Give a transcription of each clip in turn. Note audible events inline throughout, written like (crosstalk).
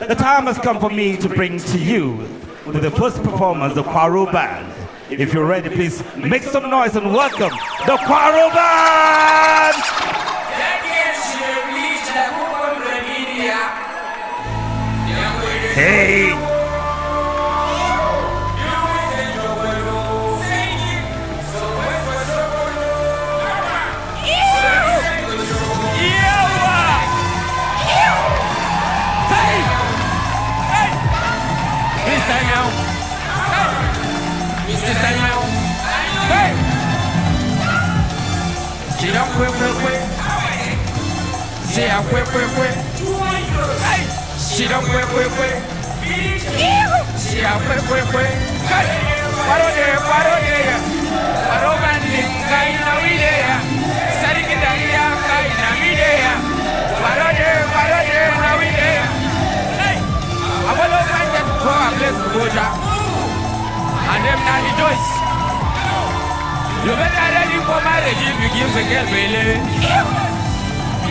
The time has come for me to bring to you the first performance of Quarro Band. If you're ready, please make some noise and welcome the Quarro Band! Hey! say a quick, quick, quick. Hey, she don't quick, quick, quick. She a quick, quick, quick. Hey, paro de, paro de. Paro gandhi, kai na vide ya. Sariki daya, kai na vide ya. Paro de, paro de, na vide ya. Hey, abalo gandhi, go a place Goja. And them na rejoice. You better ready for marriage if you give the girl belay.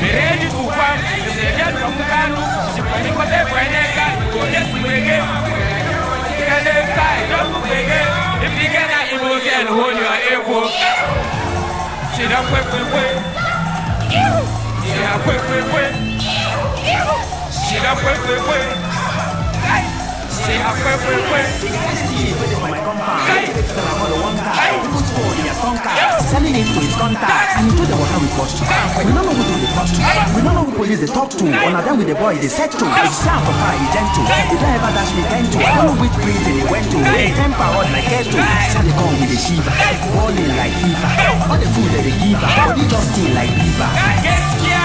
mireli tukwanu iseja nomukanu sikwenikwate kweneka kone tukwege keneka inomukwege ipikena iboke enhonyo ekwo sinakwekwe with selling it to his contacts. And into the water we cost to. We don't know who do the cost to. We don't know who police they talk to. One of them with the boy they set to. If sound for fire, he tend to. not ever dash me tend to. I don't know which prison he went to. They temper on my get to. Sally come with a shiva. Falling like fever. All the food that they give her. Body just still like beaver. Yes, yeah.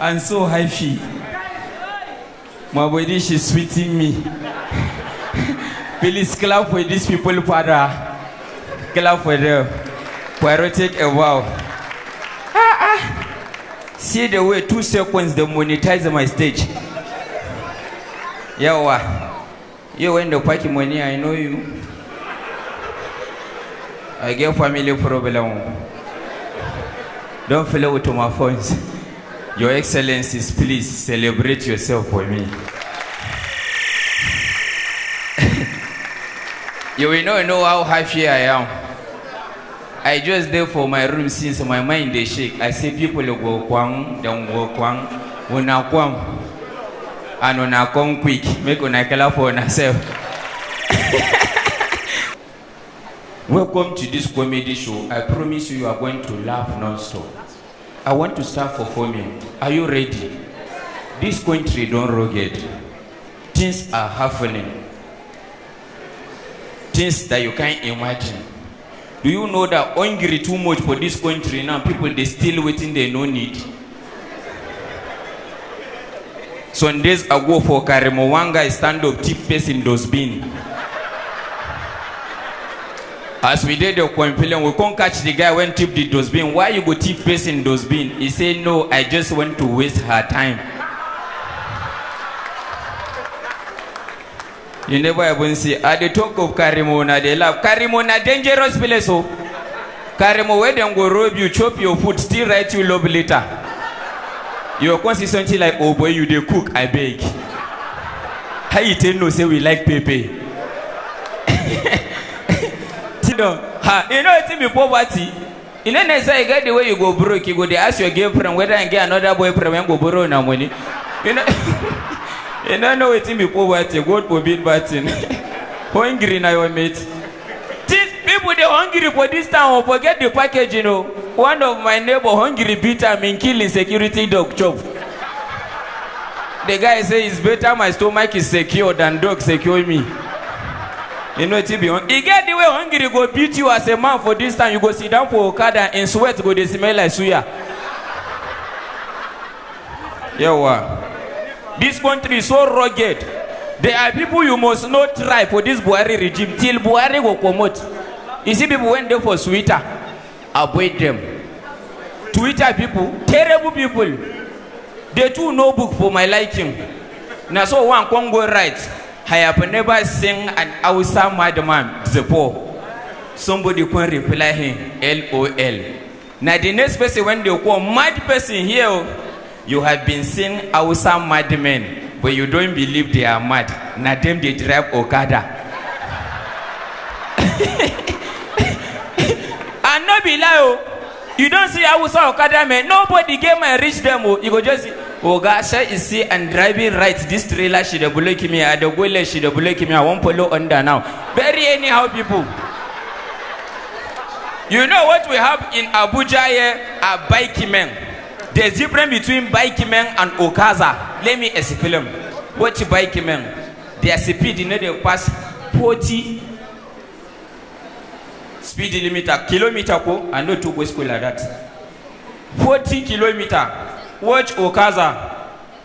I'm so happy. My body is sweating me. Please clap for these people, Father. Clap for them. Poirot, take eh, a wow. Ah, ah. See the way two seconds they monetize my stage. Yawa. You when the party money, I know you. I get family problem. Don't follow to my phones. Your Excellencies, please celebrate yourself for me. (laughs) you will not know how happy I am. I just there for my room since my mind they shake. I see people go kwang, not go kwang, una kwang, and una kwang quick. Make una kala for myself. (laughs) Welcome to this comedy show. I promise you, you are going to laugh non-stop. I want to start performing. Are you ready? This country don't rugged. Things are happening. Things that you can't imagine. Do you know that angry too much for this country now? People they still waiting they no need. Some days ago for Karimowanga, stand up, cheap person bin. As we did the complaint, we come catch the guy when tip the dustbin. Why you go tip person dustbin? He say no, I just want to waste her time. you never even see. At the talk of Karimona, they love Karimona, dangerous place. Oh. Karimo, where them go rob you, chop your food, still write you love later. Your consistency like, oh boy, you they cook, I beg. How you tell no say we like pepe? condom ha you know wetin be poverty you know next time you get the way you go broke you go dey ask your girlfriend whether you get another boyfriend wey go borrow una money you know (laughs) you know, know wetin be poverty god forbid bad thing hungry na your mate these people they hungry for this town o forget the package you know one of my neighbor hungry beat am him kill him security dog chop the guy say it's better my stomach is secure than dog secure me. You know it be on. E get the way hungry go beat you as a man for this time. You go sit down for Okada and sweat go dey smell like suya. Yawa. This country is so rugged. There are people you must not try for this Buhari regime till Buhari go promote. You see people when they for Twitter, avoid them. Twitter people, terrible people. They too no book for my liking. Na so one can go right. I have never seen an Hausa madman before. Somebody can reply him, LOL. Now the next person when they call mad person here, oh, you have been seeing Hausa madmen, but you don't believe they are mad. Now them they drive Okada. (laughs) and no be lie o, oh, you don't see Hausa Okada men, nobody get my reach them o, oh. you go just see. Ogasha is see and driving right. This trailer should have bullied me. I the gole should have bullied I won't follow under now. Very anyhow, people. You know what we have in Abuja here are bike men. The difference between bike men and Okaza. Let me explain. What bike men? Their speed, you know, they pass 40 speed limit, kilometer, I no to go school like that. 40 kilometer watch Okaza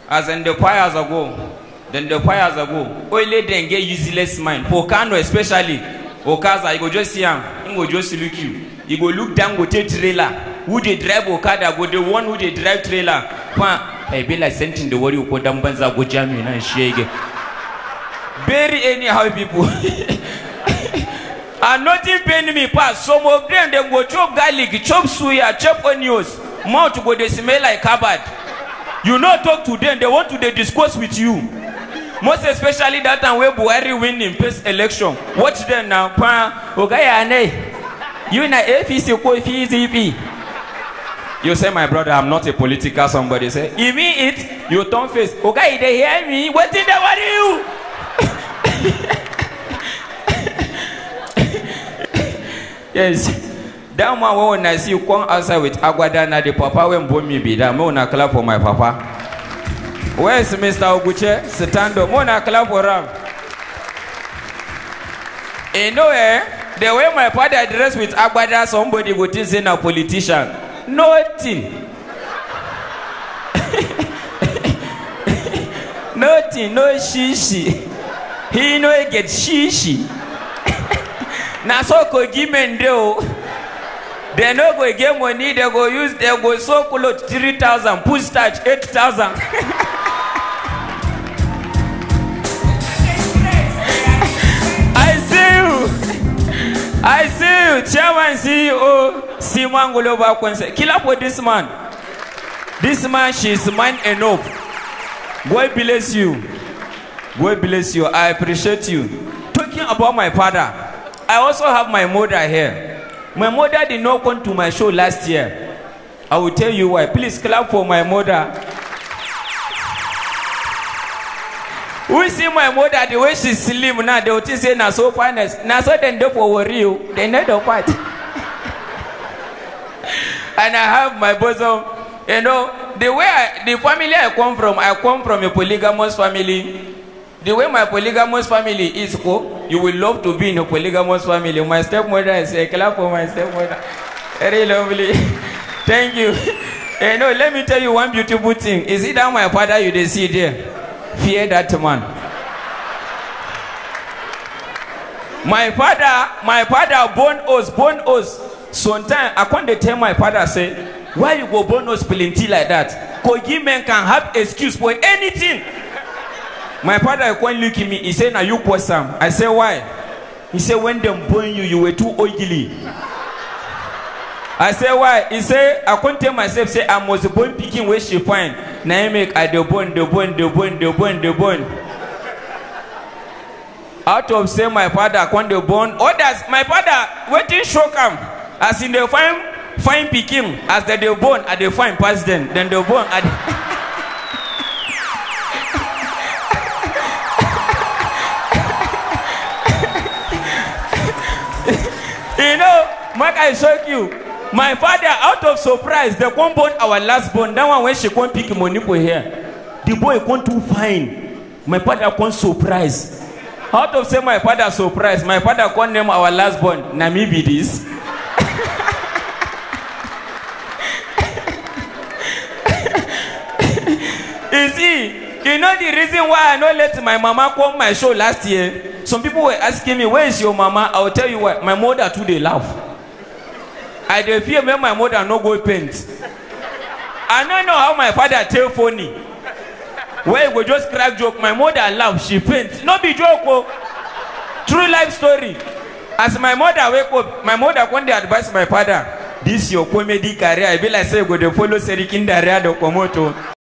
as in the choirs ago. Then the choirs ago. Only then get useless mind. For Kano especially, Okaza, you go just see him. He go just look you. He go look down, go take trailer. Who they drive Okada, go the one who they drive trailer. Hey, be like sending the worry you go banza go jam you and shake. Very anyhow people. (laughs) and nothing pain me pass. Some of them they go chop garlic, chop suya, chop onions mouth go dey smell like cupboard you no talk to them. they want to dey discuss with you most especially that time wey buhari win im first election watch them na pan oga yane you na apc ko pdp you say my brother i'm not a political somebody say you mean it you turn face oga you dey hear me wetin dey worry you. (laughs) yes. That man, when I see you come outside with na the papa wey bone me be that. Mona clap for my papa. Where is Mr. Oguche? Stand up. Mona clap for him. You know, eh? The way my father address with Agbada, somebody would think he's a politician. Nothing. (laughs) nothing, no shishi. He no get shishi. (laughs) na so kogi mende o. They no go get money They go use They go sew cloth three thousand put starch eight thousand. (laughs) I see you. I see you. Chairman CEO Simon Global Concern. Kill up with this man. This man, she is man enough. God bless you. God bless you. I appreciate you. Talking about my father, I also have my mother here. My mother did not come to my show last year. I will tell you why. Please clap for my mother. We see my mother the way she slim now. They will think say na so fine, Na so then they for worry you. They know the part. (laughs) and I have my bosom. You know the way I, the family I come from. I come from a polygamous family. The way my polygamous family is, go. Oh, You will love to be in a polygamous family. My stepmother is a clap for my stepmother. Very lovely. (laughs) Thank you. Hey, (laughs) eh, no, let me tell you one beautiful thing. Is it that my father you see there? Fear that man. My father, my father born us, born us. Sometimes I can't tell my father say, why you go born us plenty like that? Kogi men can have excuse for anything. My father when look at me, he said, Now you poor some. I said, Why? He said, When they burn you, you were too oily. I said, Why? He said, I couldn't tell myself, say, I was born picking where she find. Now I make I the bone, the bone, the bone, the bone, the bone. Out of say my father when the born others, my father waiting show come as in the fine fine picking as the, the born at the fine past then then the born at the (laughs) Mark, I shock you. My father, out of surprise, they come born our last born. That one when she come pick money for here. The boy come too fine. My father come surprise. Out of say my father surprise, my father come name our last born. Namibi this. (laughs) you see, you know the reason why I not let my mama come my show last year. Some people were asking me, "Where is your mama?" I will tell you why. My mother too they laugh. I dey fear make my mother no go paint. I no know how my father tell phony. Where he go just crack joke, my mother laugh, she faint. No be joke o. Oh. True life story. As my mother wake up, my mother come dey advise my father, this your comedy career, e be like say you go dey follow Serikin Daria dey